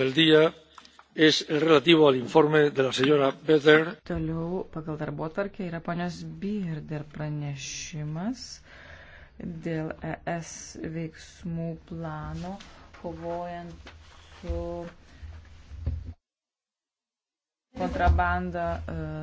del día es el relativo al informe de la señora Beder. Toliau pagal darbotvarkę yra ponios Birder pranešimas dėl ES veiksmų plano kovojant su kontrabanda. Uh,